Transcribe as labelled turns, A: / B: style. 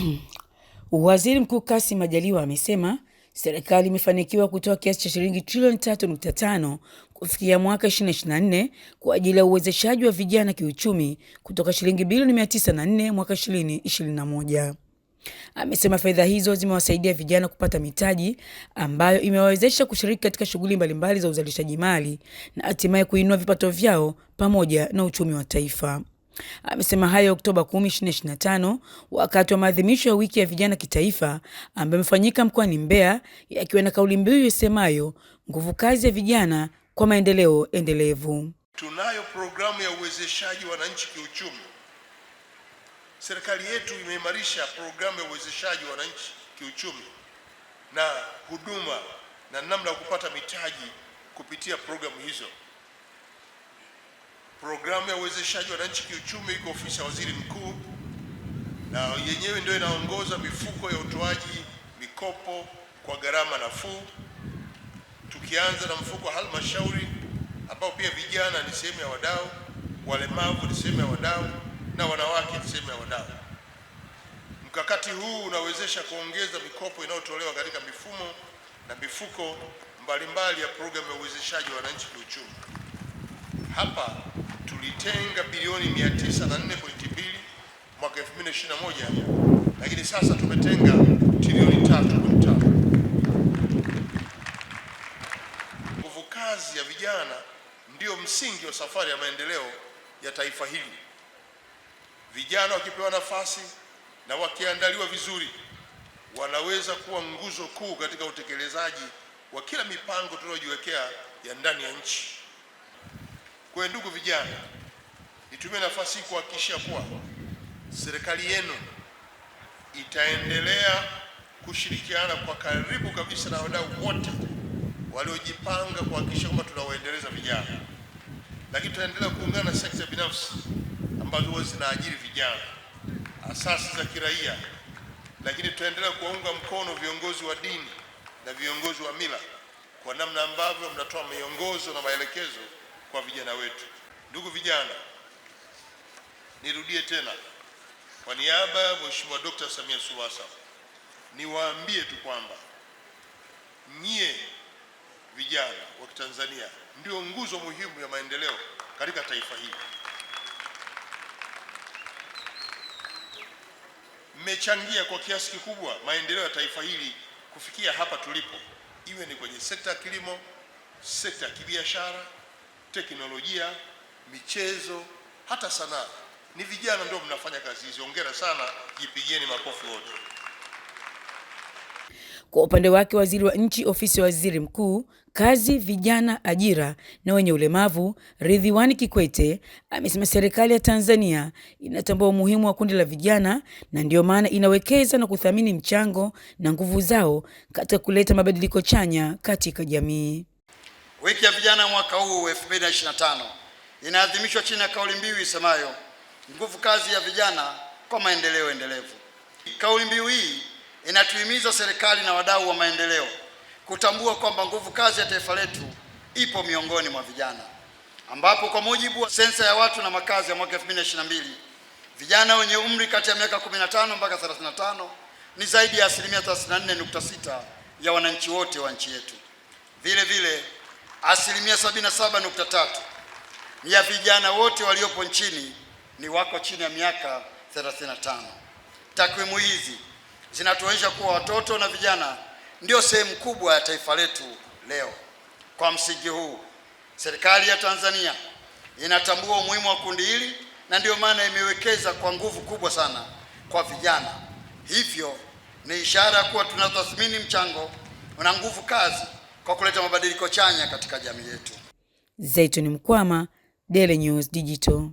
A: Waziri Mkuu Kassim Majaliwa amesema serikali imefanikiwa kutoa kiasi cha shilingi trilioni 3.5 kufikia mwaka 2024 kwa ajili ya uwezeshaji wa vijana kiuchumi kutoka shilingi bilioni 904 mwaka 2021. Amesema fedha hizo zimewasaidia vijana kupata mitaji ambayo imewawezesha kushiriki katika shughuli mbalimbali za uzalishaji mali na hatimaye kuinua vipato vyao pamoja na uchumi wa taifa. Amesema hayo Oktoba 10, 2025 wakati wa maadhimisho ya wiki ya vijana kitaifa ambayo imefanyika mkoani Mbeya, yakiwa na kauli mbiu isemayo nguvu kazi ya vijana kwa maendeleo endelevu.
B: Tunayo programu ya uwezeshaji wananchi kiuchumi. Serikali yetu imeimarisha programu ya uwezeshaji wananchi kiuchumi na huduma na namna ya kupata mitaji kupitia programu hizo. Programu ya uwezeshaji wananchi kiuchumi iko ofisi ya waziri mkuu, na yenyewe ndio inaongoza mifuko ya utoaji mikopo kwa gharama nafuu, tukianza na mfuko wa halmashauri ambao pia vijana ni sehemu ya wadau, walemavu ni sehemu ya wadau na wanawake ni sehemu ya wadau. Mkakati huu unawezesha kuongeza mikopo inayotolewa katika mifumo na mifuko mbalimbali ya programu ya uwezeshaji wa wananchi kiuchumi hapa tulitenga bilioni 904.2 mwaka 2021, lakini sasa tumetenga trilioni 35 Nguvu kazi ya vijana ndiyo msingi wa safari ya maendeleo ya taifa hili. Vijana wakipewa nafasi na wakiandaliwa vizuri, wanaweza kuwa nguzo kuu katika utekelezaji wa kila mipango tunayojiwekea ya ndani ya nchi. Kwa ndugu vijana, nitumie nafasi hii kuhakikishia kuwa serikali yenu itaendelea kushirikiana kwa karibu kabisa na wadau wote waliojipanga kuhakikisha kwamba tunawaendeleza vijana, lakini tutaendelea kuungana na sekta binafsi ambazo huwa zinaajiri vijana, asasi za kiraia, lakini tutaendelea kuwaunga mkono viongozi wa dini na viongozi wa mila kwa namna ambavyo mnatoa miongozo na maelekezo kwa vijana wetu. Ndugu vijana, nirudie tena, kwa niaba ya Mheshimiwa Dkt. Samia Suluhu Hassan niwaambie tu kwamba nyie vijana wa Kitanzania ndio nguzo muhimu ya maendeleo katika taifa hili. Mmechangia kwa kiasi kikubwa maendeleo ya taifa hili kufikia hapa tulipo, iwe ni kwenye sekta ya kilimo, sekta ya kibiashara teknolojia, michezo, hata sanaa. Ni vijana ndio mnafanya kazi hizi. Hongera sana, jipigieni makofi wote.
A: Kwa upande wake, waziri wa nchi ofisi ya waziri mkuu, kazi, vijana, ajira na wenye ulemavu, Ridhiwani Kikwete amesema serikali ya Tanzania inatambua umuhimu wa kundi la vijana na ndiyo maana inawekeza na kuthamini mchango na nguvu zao katika kuleta mabadiliko chanya katika jamii.
B: Wiki ya vijana mwaka huu 2025 inaadhimishwa chini ya kauli mbiu isemayo nguvu kazi ya vijana kwa maendeleo endelevu. Kauli mbiu hii inatuhimiza serikali na wadau wa maendeleo kutambua kwamba nguvu kazi ya taifa letu ipo miongoni mwa vijana, ambapo kwa mujibu wa sensa ya watu na makazi ya mwaka 2022 vijana wenye umri kati ya miaka 15 mpaka 35 ni zaidi ya asilimia 34.6 ya wananchi wote wa nchi yetu. Vile vile asilimia 77.3 ya vijana wote waliopo nchini ni wako chini ya miaka 35. Takwimu hizi zinatuonyesha kuwa watoto na vijana ndio sehemu kubwa ya taifa letu leo. Kwa msingi huu, serikali ya Tanzania inatambua umuhimu wa kundi hili na ndiyo maana imewekeza kwa nguvu kubwa sana kwa vijana. Hivyo ni ishara kuwa tunathamini mchango na nguvu kazi kwa kuleta mabadiliko chanya katika jamii yetu.
A: Zaituni Mkwama, Daily News Digital.